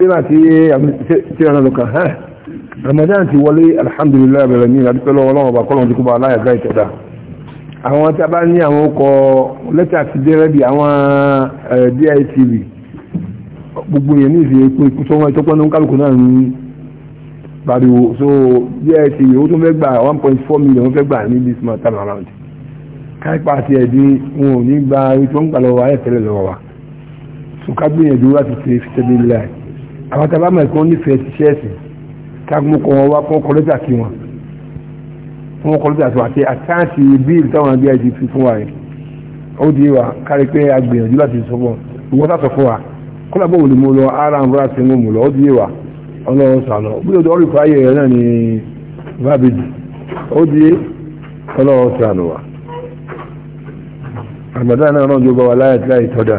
nígbà tí tí a lọ kàn hàn Ramadan ti wọlé alhamdulillah bẹ̀rẹ̀ ní ìlàdúpẹ́lọ́ ọlọ́run ọba kọ́lọ̀ dínkù bá aláyàgá ìtẹ̀dá àwọn tí a bá ní àwọn ọkọ̀ lẹ́tà ti dẹ́rẹ́ bí àwọn DITV gbogbo yẹn ní se epo ikú tó wọ́n ìtọ́pọ́ ní kálukú náà ní pariwo so DITV ó tún fẹ́ gbà 1.4 million wọ́n fẹ́ gbà ní this month time around káìpá àti ẹ̀dín wọn ò ní gba ètò ń gbà lọ́wọ́ ayẹ̀tẹ̀lẹ̀ lọ́wọ́ wa so ká gbìyànjú láti ṣe fi tẹ́lẹ̀ láì àwọn tàbá mọ̀ ẹ̀kọ́ nífẹ̀ẹ́ ti ṣẹ́ẹ̀sì káàkùn kọ́ wọn wá kọ́ kọ́lẹ́tà sí wọn wọn kọ́lẹ́tà sí wọn àti àtàǹtì bíìlì táwọn ẹgbẹ́ ti fi fún wa rẹ̀ ó di wa kárí pé a gbìyànjú láti sọ fún ọ ìwọ́n sàtọ̀ fún wa kọ́lá bó wòlé mo lọ ara ń rà sí mo lọ ó di wa ọlọ́run sànà bí o dọ́rù fáyé rẹ̀ náà ni bábìlì ó di ọlọ́run sànà wa àgbàdo náà náà jọba wa láyé láyé tọ́da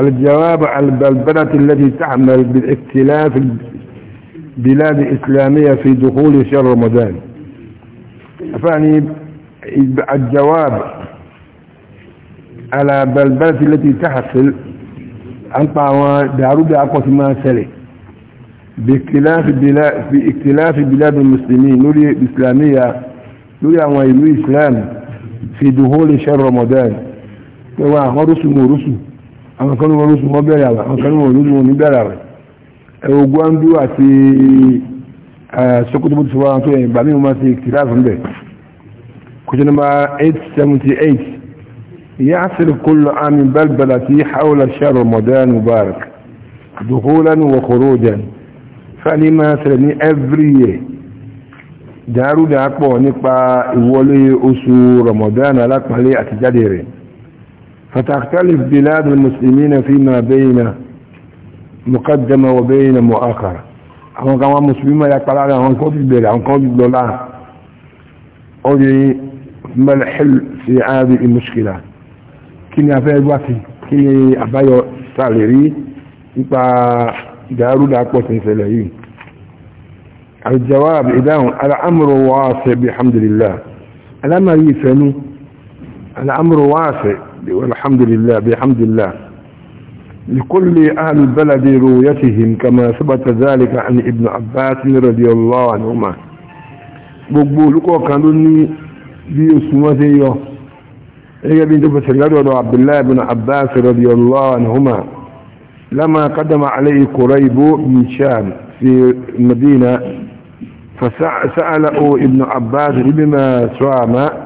الجواب على البلبلة التي تعمل بالاختلاف البلاد الإسلامية في دخول شهر رمضان فعني الجواب على بلبلة التي تحصل عن طعوة دارود أقوة ما سلي باختلاف بلاد باختلاف بلاد المسلمين نولي الإسلامية نولي عن إسلام في دخول شهر رمضان وهو رسم ورسم àwọn kan ní wọn lóṣù wọn bẹ̀rẹ̀ àwẹ̀ àwọn kan ní wọn lóṣù wọn ní bẹ̀rẹ̀ àwẹ̀ ẹ̀wọ̀ gwandu àti sokoto bó wọn tó yẹn bàmí wọn máa ti kìlá fún bẹ̀ kòtò nàmbà 878 يعصر كل عام بلبلتي حول شهر رمضان مبارك دخولا وخروجا فلما سلمي every year dàrú dàpọ̀ nípa ìwọlé oṣù Ramadan alápàlẹ́ àtijáde rẹ̀ فتختلف بلاد المسلمين فيما بين مقدمة وبين مؤخرة أما كما مسلمة لا تقال على أن كوبي بلا أن كوبي بلا أولي ما الحل في هذه المشكلة كني أفعل وفي كني أفعل سالري إبا دارو لأقوة سلعين الجواب إذا الأمر واسع بحمد لله ألا ما يفنو الأمر واسع والحمد لله بحمد الله لكل أهل البلد رؤيتهم كما ثبت ذلك عن ابن عباس رضي الله عنهما بقبولك وكانوني بيسمته إيه بنت بسلاد عبد الله بن عباس رضي الله عنهما لما قدم عليه قريب من شام في المدينة فسأله ابن عباس بما سامى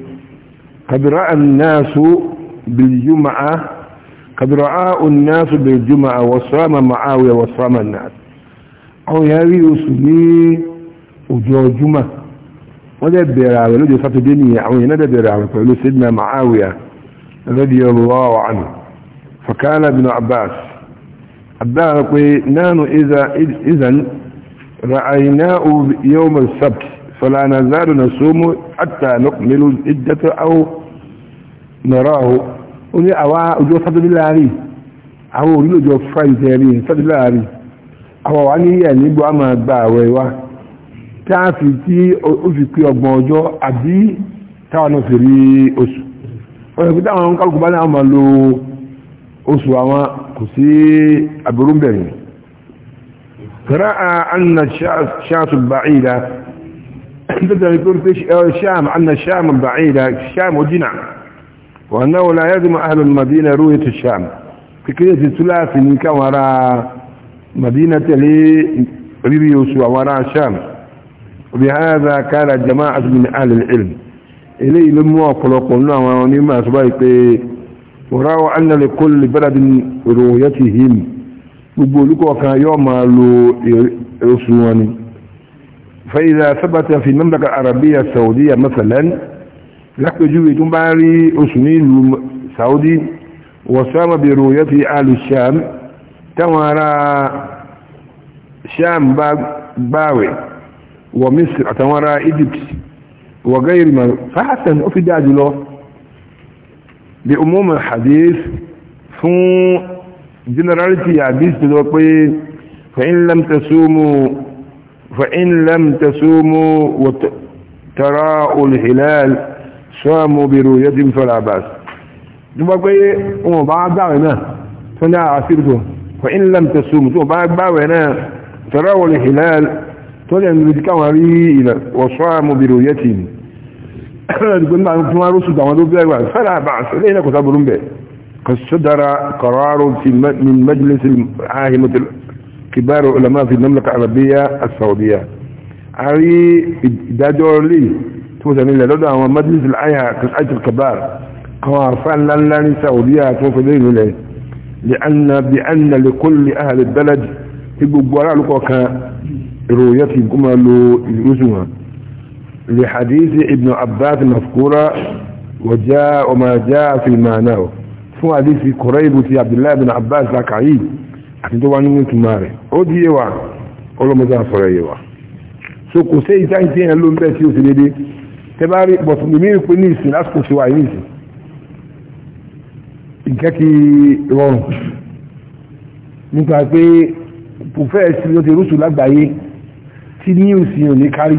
قد رأى الناس بالجمعة قد رأى الناس بالجمعة وصام معاوية وصام الناس أو يري أسمي وجو جمعة وده براوي لدي ساتديني يعوين ده براوي فقالوا سيدنا معاوية رضي الله عنه فكان ابن عباس عباس نان إذا إذا رأيناه يوم السبت فلا نزال نصوم حتى نكمل العدة أو nọ̀rọ̀ o ní àwa ọjọ́ sátidé láàrin àwọn orílẹ̀-èdè friday rí láàrin àwọn wà ní nígbò àmà gba àwẹ̀ wa tí a fi tí ó fi pé ọgbọ̀n ọjọ́ àbí táwọn fi rí oṣù ọ̀rẹ́ táwọn kálukú bá náà máa lo oṣù àwọn kò sí àbúrú bẹ̀rẹ̀ قراءة أن الشاس بعيدة تدري يقول في الشام وأنه لا يلزم أهل المدينة رؤية الشام فكرة الثلاثة من كان وراء مدينة لريبيوس وراء الشام وبهذا كان جماعة من أهل العلم إليه لما قلنا ونما سبايك ورأوا أن لكل بلد رؤيتهم لك وكان يوم رسواني فإذا ثبت في المملكة العربية السعودية مثلا lápèjúwe tó bá rí oṣù ní ìlú saudi wọ̀sánmà bèèrè òyẹ́ ti alù sham táwọn ará sham bá gbáwẹ̀ wọ misir àtàwọn ará egypt wọ gẹ́rì ma fásitàn ó fi dájú lọ bí umumul hadith fún generality hadith ti lọ pé fa'in lam tasumu fa'in lam tasumu wa tara'ul hilal شامو برو فلا باس دوبغي او با دارنا فنا اسيرتو وان لم تصوم تو با با وينا تراو الهلال تولي ان بدك واري الى وصام برؤيتهم قلنا ان كنا رسل دعوا دو بيوا فلا باس لينا كتبرون به قصدر قرار في من مجلس عاهمة كبار العلماء في المملكة العربية السعودية عري دادور لي tó sẹni lẹ lọ́dọ̀ àwọn madrid al'aya àti kabar àwọn àfáà ńláńlá ní saudiya tó fi lè nílẹ̀ lè anna bí anna lè kó lè ahàlè bẹ́lẹ̀dì tí gbogbo ara lùkọ̀ kan ìròyìn ti kó máa lo ìrúsù wọn lè hadith ibn abbas mafkura wàjá ọmọ ajá fi màánà fún hadith kọ̀rẹ́ìbù ti abdullahi ibn abbas lakayi àti tó wá nínú ìtumá rẹ̀ ó di yé wa so kò sí ìtàn tí yẹn ló ń bẹ́ tí tẹ́bárí bọ̀tún ní mìíràn pé ní ìsìn lásìkò sí wà ní ìsìn nǹkan ti rọrùn nípa pé pòfẹ́ sí ló ti rúṣù lágbàáyé tí ní ìsìn ò ní kárí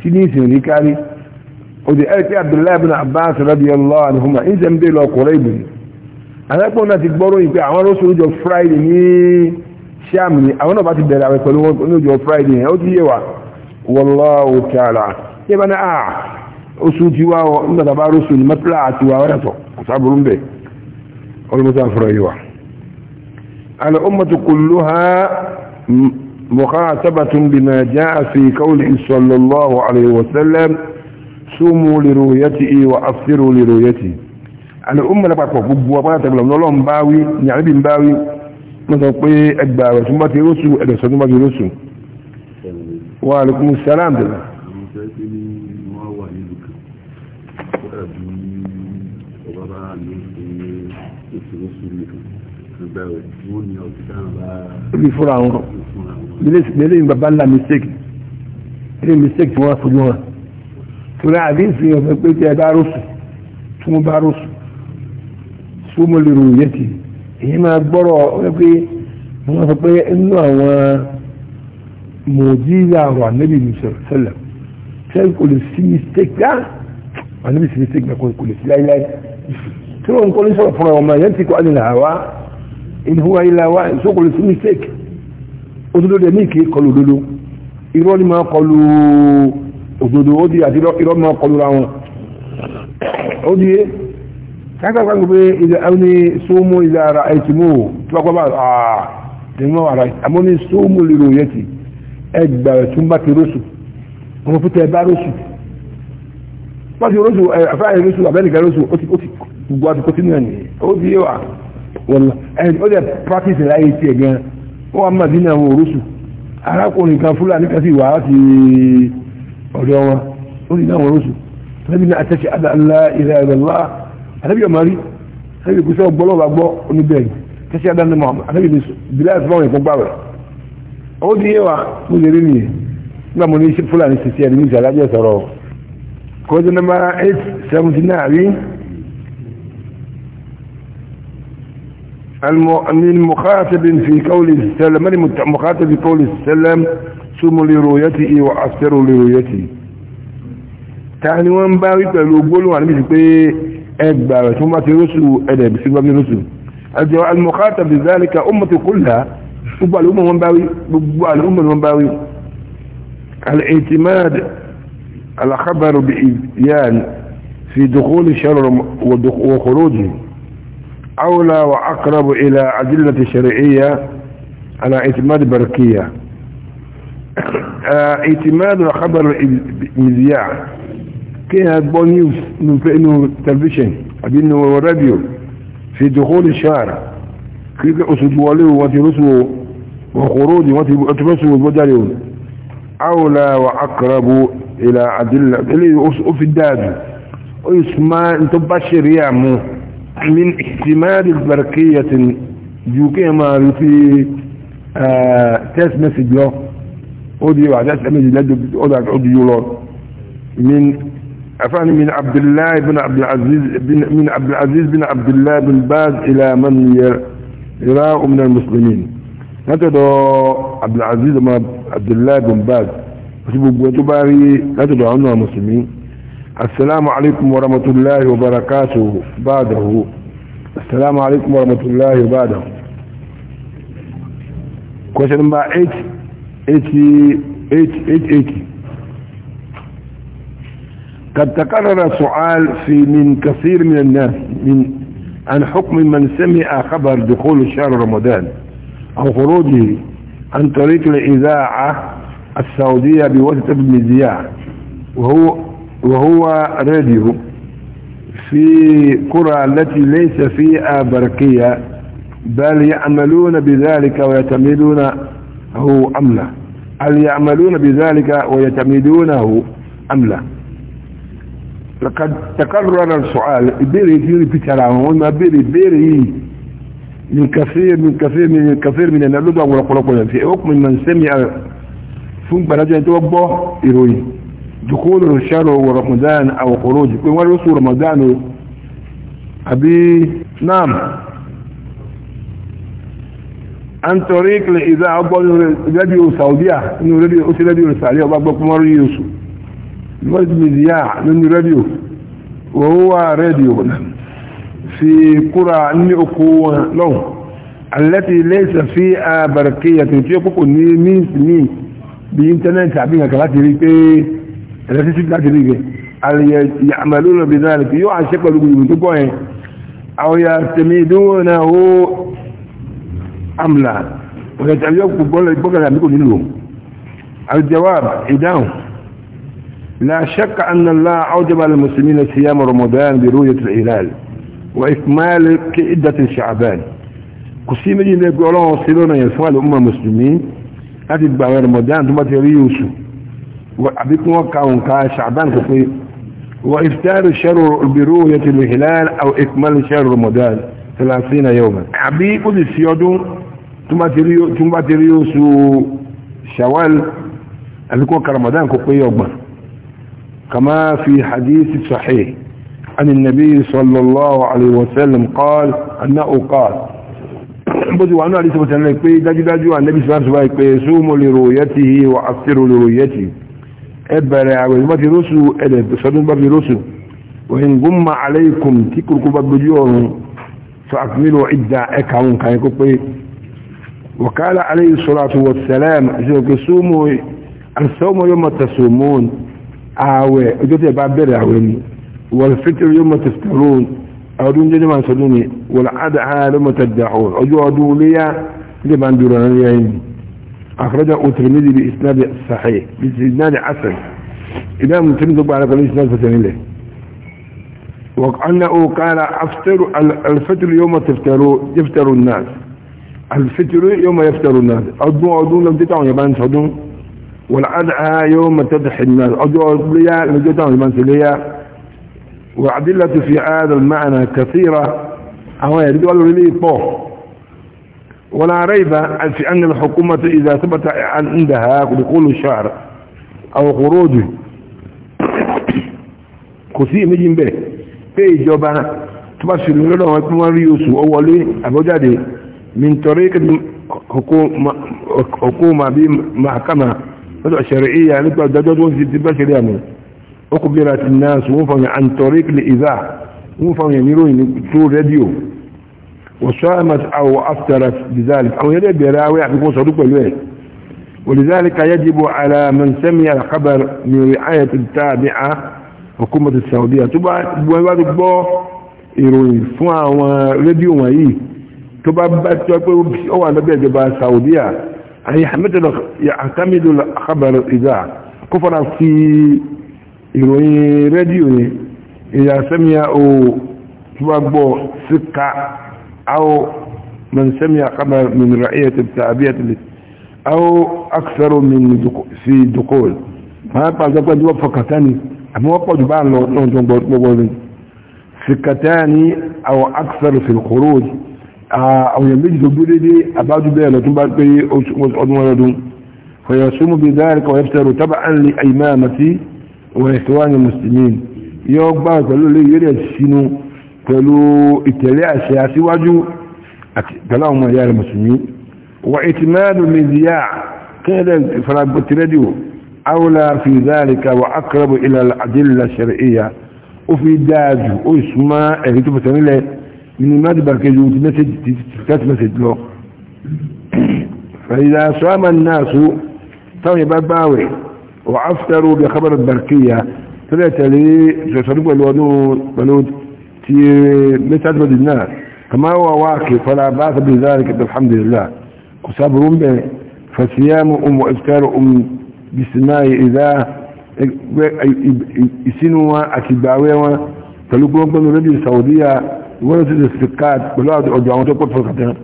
tí ní ìsìn ò ní kárí òdì ẹ̀rẹ́ pé Abdullahi bin Abbas radiyallahu anhuma ń sẹ́ ń bèèrè ọkùnrin ìbò alágbọ́n náà ti gbọ́rọ̀ yìí pé àwọn rọ́ṣù lójọ Friday ní Sham ni àwọn náà bá ti bẹ̀rẹ̀ àwẹ̀ pẹ̀lú wọn lójọ Friday yẹn ó ti yé wa wallahu ta'ala sai bana a usu jiwa wa inda da baro su matla a tiwa wa to saburun be wal musafiraywa al ummatu kulluha مخاطبة بما جاء في قوله صلى الله عليه وسلم سوموا لرؤيته وأفطروا لرؤيته الأمة لبقى قبوا بقى تقول الله مباوي نعبي مباوي مثلا قوي أدباوي ثم تيرسوا أدسوا ثم تيرسوا وعليكم السلام دلوقتي tó ẹ́ pé ní wọ́n wà nílùú kan ó dàbí ọba bá ní ìṣòro sórí kan ìgbà rẹ̀ wọ́n ní ọdún dáhùn bá. ó fi fúnra wọn lélẹ́ ìgbà bá ńlá mistake ilé mistake tí wọ́n fojú wọn torí sẹ́yìn kò lè sí mistake gbá àníbi sí mistake gbá kò lè sí láíláí tí wọ́n kọ́ ní sọ̀rọ̀ fúnra ọmọ yẹn ti kọ́ àdìlà wá ìhùwà ilà wá ìṣó kò lè sí mistake òdodo dẹ̀ ní ìkè kọlu òdodo irọ́ ni máa kọlu òdodo ó di àti irọ́ máa kọlu ra wọn ó di yé kákàkà gbogbo ilẹ̀ àwọn ní sóòmù ilẹ̀ ara ẹ̀tìmọ̀ tí wọ́n kọ́ bá àà tẹ̀wọ́n ara ẹ̀tìmọ̀ ní sóòmù lè ròyẹ́ ti tún bá ti ọmọ fún tẹ bá lóṣù wọ́n ti lóṣù àfáàyè lóṣù abẹ́nìkan lóṣù ó ti gbogbo àti kòtínú nìyẹn ó yé wa wọ́n ẹni ó dẹ̀ practice láyé tiẹ̀ gan ó wà mọ̀ nínú àwọn òróṣù arákùnrin kan fúlàní kan sì wà á ọ̀dọ̀ wọn ó di náà òróṣù ẹni náà àtẹ̀sẹ̀ àdàlá ilẹ̀ ọmọ rí ọgbọ́lọ́wà gbọ́ nígbà mo ní fúlàní ṣe sí ẹni ní ìṣàlájẹ sọ̀rọ̀ kóòtù nọ́mbà eight seventy nine rí المخاطب في قول السلام من مخاطب في قول السلام سموا لرؤيته وأفسروا لرؤيته ta ni wọ́n bá rí pẹ̀lú gbólóhùn àníbìsí pé ẹgbà rẹ̀ tó má ti rọ́sù ẹ̀dẹ̀ ìbísí gbọ́mí rọ́sù àjọ almukhata bizalika ummatu kullaha gbogbo àlùmọ̀ wọn bá rí gbogbo àlùmọ̀ wọn bá rí الاعتماد على خبر بإبيان في دخول الشر وخروجه أولى وأقرب إلى أدلة شرعية على اعتماد بركية اعتماد الخبر خبر المذياع كيها بون نيوز من فإنه تلفزيون أبينه راديو في دخول الشارع كيف أسدوا له وترسوا وخروجه وترسوا البدريون أولى وأقرب إلى عدل إليه أصف الداد ويسمى تبشر مو من احتمال برقية جوكي ما في آه تاس مسج له أودي بعد تاس مسج له أودي له من افعني من عبد الله بن عبد العزيز بن من عبد العزيز بن عبد الله بن باز إلى من يراء من المسلمين látọ̀dọ̀ abdulaziz ọmọ abdullahi bin baz àti gbogbo tó bá rí látọ̀dọ̀ àwọn náà mùsùlùmí assalamu alaikum wa rahmatullahi wa barakatuhu ba'dahu assalamu alaikum wa rahmatullahi wa ba'dahu question number 8 880 قد تكرر سؤال في من كثير من الناس من عن حكم من سمع خبر دخول شهر رمضان عن خروجه عن طريق الإذاعة السعودية بواسطة ابن زياد وهو وهو راديو في قرى التي ليس فيها برقية بل يعملون بذلك ام أملا هل يعملون بذلك ويتمدونه أملا لقد تكرر السؤال بيري بيري بيري بيري بيري بيري من كثير من كثير من كثير من النلوبة والقلقلة في حكم من سمع فون برجع توبه إروي دخول الشهر ورمضان أو خروج ورسول رمضان أبي نعم عن طريق لإذاعة راديو سعودية إنه راديو أسي راديو السعودية الله أكبر مرة يوسف المسجد زياع من راديو وهو راديو نعم في قرى نيوكو لون التي ليس فيها برقية تيوكو مين مين بإنترنت عبين كلاتي ريكي التي سيكلاتي ريكي يعملون بذلك يوعى شكل يقولون أو يستمدونه أملا ويتعيوكو بقى لأمكو نلوم الجواب إداهم لا شك أن الله أوجب على المسلمين صيام رمضان برؤية الهلال وإكمال كئدة شعبان قسيمة جينا يقولون وصلونا يسوى الأمة المسلمين هذه بقى رمضان ثم تري يوسف وعبيت موقع ونقع شعبان كثير وإفتار شر برؤية الهلال أو إكمال شهر رمضان 30 يوما عبي قد السيادون ثم تري يوسف شوال اللي كان رمضان كثير يوما كما في حديث صحيح عن النبي صلى الله عليه وسلم قال أنه قال بدي وانا ليس مثلا يقول داجي داجي وان النبي صلى الله عليه وسلم يصوم لرؤيته وافطر لرؤيته ابرع ومتي رسو ادب صدن باب رسو وان غم عليكم تكركم كباب جيون فأكملوا عدة اكاون كان يقول وقال عليه الصلاة والسلام صوموا الصوم يوم تصومون آوي اجوتي باب برعوني والفتر يوم تفترون أرون جدي ما سدوني والعدعى لما تدعون أجوا دوليا ليا لما ندورنا ليا أخرجه الترمذي بإسناد صحيح بإسناد عسل إذا من تمزق على قليل إسناد فتن له وأنه قال أفتر الفتر يوم تفتروا يفتروا الناس الفتر يوم يفتروا الناس أدوا أدون لم تتعون يبان سدون والعدعاء يوم تدحي الناس أدو أدو ليا لم تتعون يبان سليا وعدلة في هذا المعنى كثيرة أو يريد قالوا لي ولا ريب في أن الحكومة إذا ثبت عندها بقول الشعر أو خروج كثير مجين به في جوبة تبصر لنا وكما ريوسو أولي أبو جادي من طريق حكومة بمحكمة شرعية لتبقى دجاج أقبلت الناس وفهم عن طريق الإذاع وفهم يميلون تو راديو وصامت أو أفترت بذلك أو يريد براوي يكون صدوق بالوين ولذلك يجب على من سمع الخبر من رعاية التابعة حكومة السعودية تبا بوابك بو ìròyìn فوا راديو rédíò تبا tó bá bá tó pé ó wà lọ́bẹ̀ ìjọba saudiya àyíhàmẹ́tẹ̀lọ̀ àtàmìlò àkàbàrò ìdá kó ìròyìn rédíò ni ìyàsẹ́mìyà o túbàgbọ́ síka aw من سمع خبر من رعية التعبية أو أكثر من في دخول ما يبقى ذلك يوفق ثاني أما وقع جبان لو سكتان أو أكثر في الخروج أو يمجد بلدي أباد بيانا تنبات بي أدوان فيصوم بذلك ويفتر تبعا لأيمامتي وإخوان المسلمين يوبا قالوا لي يريد السنو قالوا اتلاع السياسي واجو قالوا ما يا المسلمين وإتماد المذياع كذا فرابت راديو أولى في ذلك وأقرب إلى الأدلة الشرعية وفي داج واسماء اللي تبتني له من مدبر كجوت مسج تتكات مسج له فإذا صام الناس طيب باوي وعفتروا بخبر البركية ثلاثة لي تصدق الولود بلود تي متعدد الناس كما هو واقف فلا باس بذلك بالحمد لله كسابر به فصيام أم وإفطار أم بسماء إذا يسنوا أتباوي فلقوا من ربي السعودية ورث الاستقاد ولا أدعو تقول فرقتين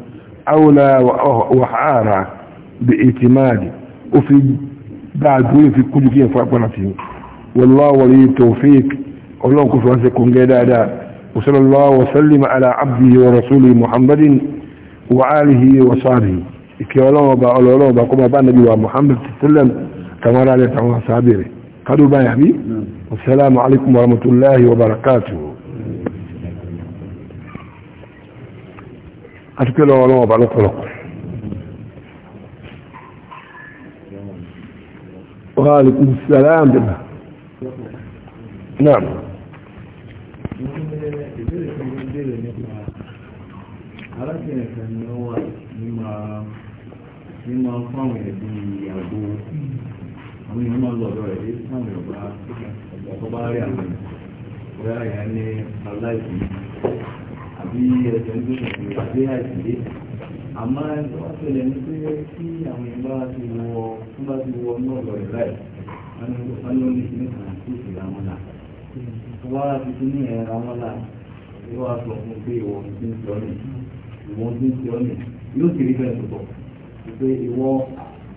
أولى وحارة باعتماد وفي بعد كل في كل كيه فأبنا فيه والله ولي التوفيق والله كفر أنسكم جدادا وصلى الله وسلم على عبده ورسوله محمد وعاله وصاله إكي الله وبا الله وبا قبا با نبي ومحمد تسلم كما رأى لتعوى صابره قدوا با يحبي والسلام عليكم ورحمة الله وبركاته أتكلم الله وبا لطلق وعليكم السلام بالله نعم arákùnrin kan ni ó wà ní máa ń fáwọn ẹ̀bí ìyàgbó àwọn èèyàn máa lọ́dọ̀ rẹ̀ dé fáwọn ìyàgbá ọkọ̀ bá rí àwọn èèyàn bóyá ìyá ní aláìsí àbí ẹ̀sẹ̀ ń gbé àbí àìsí àmọ́ wọ́n ṣẹlẹ̀ ní pé kí àwọn ìgbà ti wọ tó bá ti wọ ní ọ̀dọ̀ rẹ̀ báyìí wọ́n ló ní kíní kan tó sì ra wọn là wọ́n á ti tún ní ẹ̀ ra wọn là wọ́n á sọ fún pé ìwọ ti ń sọ nì ìwọ ti ń sọ nì yóò sì rí bẹ́ẹ̀ tọ̀tọ̀ pé ìwọ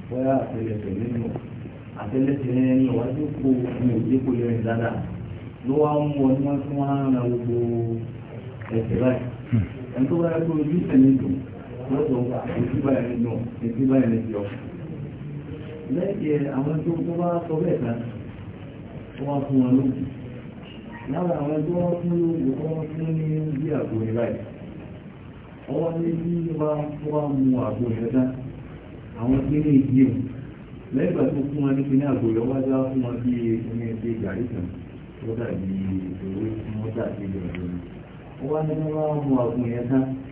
bóyá àtẹlẹsẹ̀ nínú àtẹlẹsẹ̀ nínú wájú kó ní òjé kó lè dáadáa ló wá ń wọ ní wọ́n tún wá ń ra gbogbo ẹ̀sẹ̀ báyìí hmm. lọ́dọ̀ èsì báyìí nù èsì báyìí lè yọ. àwọn tó bá sọ bẹ́ẹ̀ tán wọ́n fún wọn lóògùn lára àwọn tó wọ́n fún lóògùn tó fún ní bí àgbo ní báyìí ọwọ́ ní bí mu àwọn tí ní ìdí lẹ́yìn ìgbà fún wọn ní kíní wá fún wọn bí ẹni ẹgbẹ́ kan tó dàbí ìṣòro mu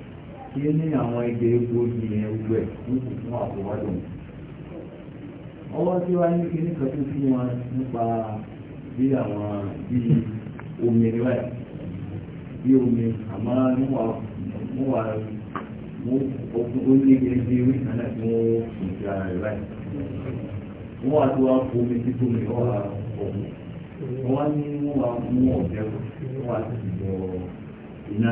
tí ní àwọn ẹgbẹ́ egbò ìyẹn gbogbo ẹ̀ fún àkọ́wádò ọwọ́ tí wá ní kíní kan tó fún wọn nípa bí àwọn bí omi rẹ̀ báyìí bí omi àmọ́ níwà ó ní kíní bí orí kan tí wọ́n sùn sí ara rẹ̀ báyìí wọ́n wá tó wá fún omi títún mi wọ́n ọ̀hún wọ́n wá ní wọ́n wá mú ọ̀bẹ wọ́n wá sì jọ iná.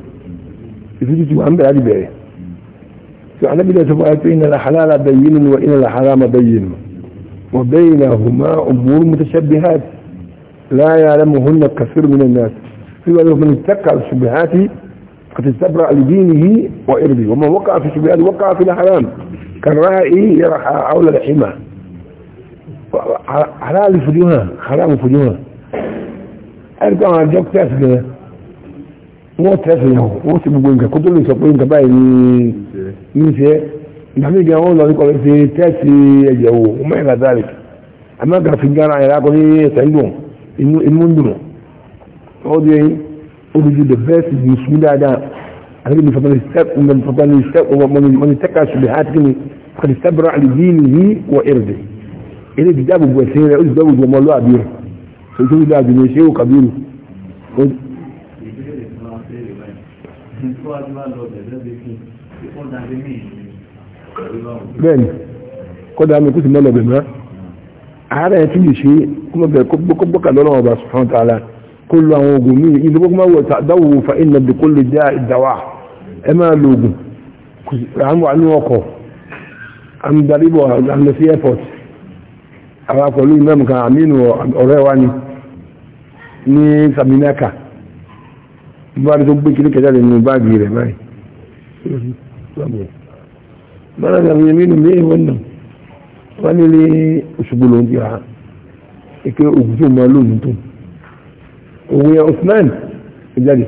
يفيدي تبقى عم بلادي بيه فعلا بلا تبقى إن الحلال بين وإن الحرام بين وبينهما أمور متشبهات لا يعلمهن كثير من الناس في وجه من اتكع الشبهات قد استبرع لدينه وإربي وما وقع في الشبهات وقع في الحرام كالرائي يرى عول الحمى حلال فجوها حرام فجوها أرجع على الجوك تاسك wọ́n tẹ̀sí yàn wọ́n sì gbogbo nǹkan kó tó lè sọ pé nǹkan báyìí ní ní ṣe ìgbà mí gan wọn lọ ní kọlẹ ṣe tẹ̀sí ẹ̀jẹ̀ wò wọ́n mẹ́rin kàdá rẹ̀ àmọ́ kà fi gánra ẹ̀rá kọ ní ẹ̀sẹ̀ ń dùn inú ń dùn ó di olùdí the best mùsùlùmí dáadáa àti ní fọtọ́ni step fọtọ́ni step mọ̀ni tẹ́ka ṣùgbọ́n àti ní kàdí sẹ́bùrà àlìdíìnì yìí wọ ẹ̀rẹ̀dẹ̀ eré ìdíjábòbò ẹ̀sìn rẹ̀ ó sì dábòbò ọmọlúwàbí rẹ̀ tó wájú wá lọ bẹ̀rẹ̀ bí kí wọ́n dá lé mí bẹ́ẹ̀ni kọ́dà mi kú sí mọ́lọ̀ bẹ̀rẹ̀ ààrẹ tí lè ṣe kúmọ̀ bẹ̀rẹ̀ kó gbọ́kà lọ́nà ọba subhanahu wa ta'ala kó lo àwọn oògùn míì ìlú gbogbo máa wọ dáwò fa inna bi kulli da'i dawa ẹ máa lo oògùn àwọn àánú ọkọ̀ àmìdaríbọ̀ àmìdarí airport àwọn akọ̀lú ìmọ̀ nǹkan àmínú ọ̀rẹ́ wa ni ní saminaka báyìí tó gbé kiri kẹjáde nínú báàgì rẹ̀ báyìí bára ní àwọn yẹmí nìlé ìwọ̀n náà wọ́n nílé òṣùgbò ló ń di àá ike ògùn tó máa lóòrùn tó òun yẹn Osman ìjáde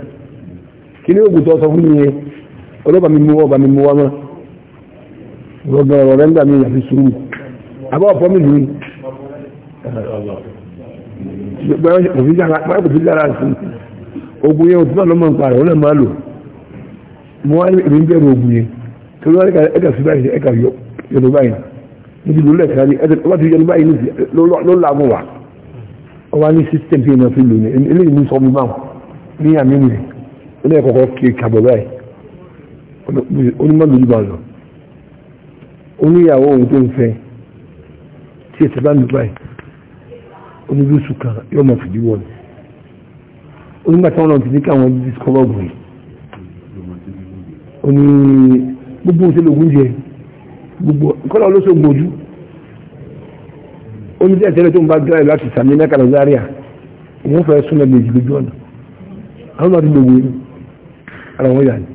kí ní ògùn tó sọ fún mi yẹn ọlọ́ba mi mú ọba mi mú wá mọ́ rọ̀gbọ̀n ọ̀rọ̀ rẹ̀ ń gbà sùúrù àbọ̀ ọ̀pọ̀ mi lùmí gbọ́dọ̀ kò fi dára sí i ogun yẹn òtún náà lọ́mọ nǹkan rẹ̀ wọ́n náà máa lò mo wá èmi ń bẹ̀rù ogun yẹn torí wọn ẹ̀ka sí báyìí ẹ̀ka yọ̀nù báyìí níbi ló lẹ̀ka ní ẹ̀ka wọ́n ti yọ̀nù báyìí ní ló làágùn wà wọ́n wá ní system tí wọ́n fi lò ní eléyìí ní sọ́mu báwọn ní àmì nìyẹn ó lẹ́yìn kọ̀ọ̀kan kí kàbọ̀ báyìí onímọ̀ lójú bá lọ oníyàwó òun tó ń fẹ́ tí ẹ̀sẹ̀ bá ń lù báyìí oníbùsù kan yóò mọ̀ fìdí wọ̀ ni onígbà tí wọ́n lọ títí káwọn discover gùn ó ní gbogbo òṣèlú ogun jẹ gbogbo kọ́lá olóṣogbo ojú ó ní tẹ́lẹ̀ tó ń bá dráì láti sàmì mẹ́ka lọ Zaria wọ́n fẹ́ súnmọ́ méjì lójú ọ̀nà àwọn náà ti gbogbo inú ara wọn yà ní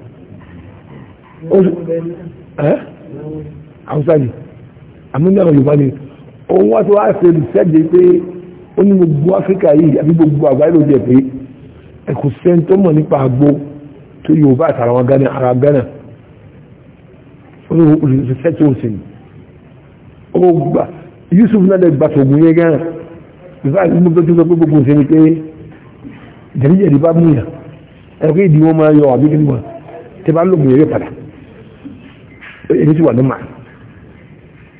àwọn sáàjì àmúnà Yorùbá ni òun wá tó wá ṣe ṣẹ́jẹ́ pé ó ní gbogbo Áfíríkà yìí àbí gbogbo àgbáyé ló jẹ pé ẹkù sẹ́ni tó mọ̀ nípa àgbo tó yorùbá àtàrà wọn gánà ara gánà olùsẹ́tì òsìn ó gbà yusuf náà lè gbàtò ògùn yẹn gánà nípa ìgbìmọ̀ tó tún sọ pé gbogbo òsìn ni pé jẹ̀díjẹ̀dí bá múyàn ẹ̀kọ́ ìdí wọn máa yọ àbí kí wọn tẹ bá lóògùn yẹn padà èyí sì wà ní màá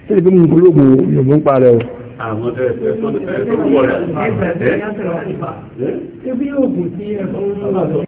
tẹ́lẹ̀ pé mo ń polówó yorùbá ń parẹ́ o àwọn tẹ́ẹ̀tẹ́ tó tẹ́ẹ̀tẹ́ tó rẹ̀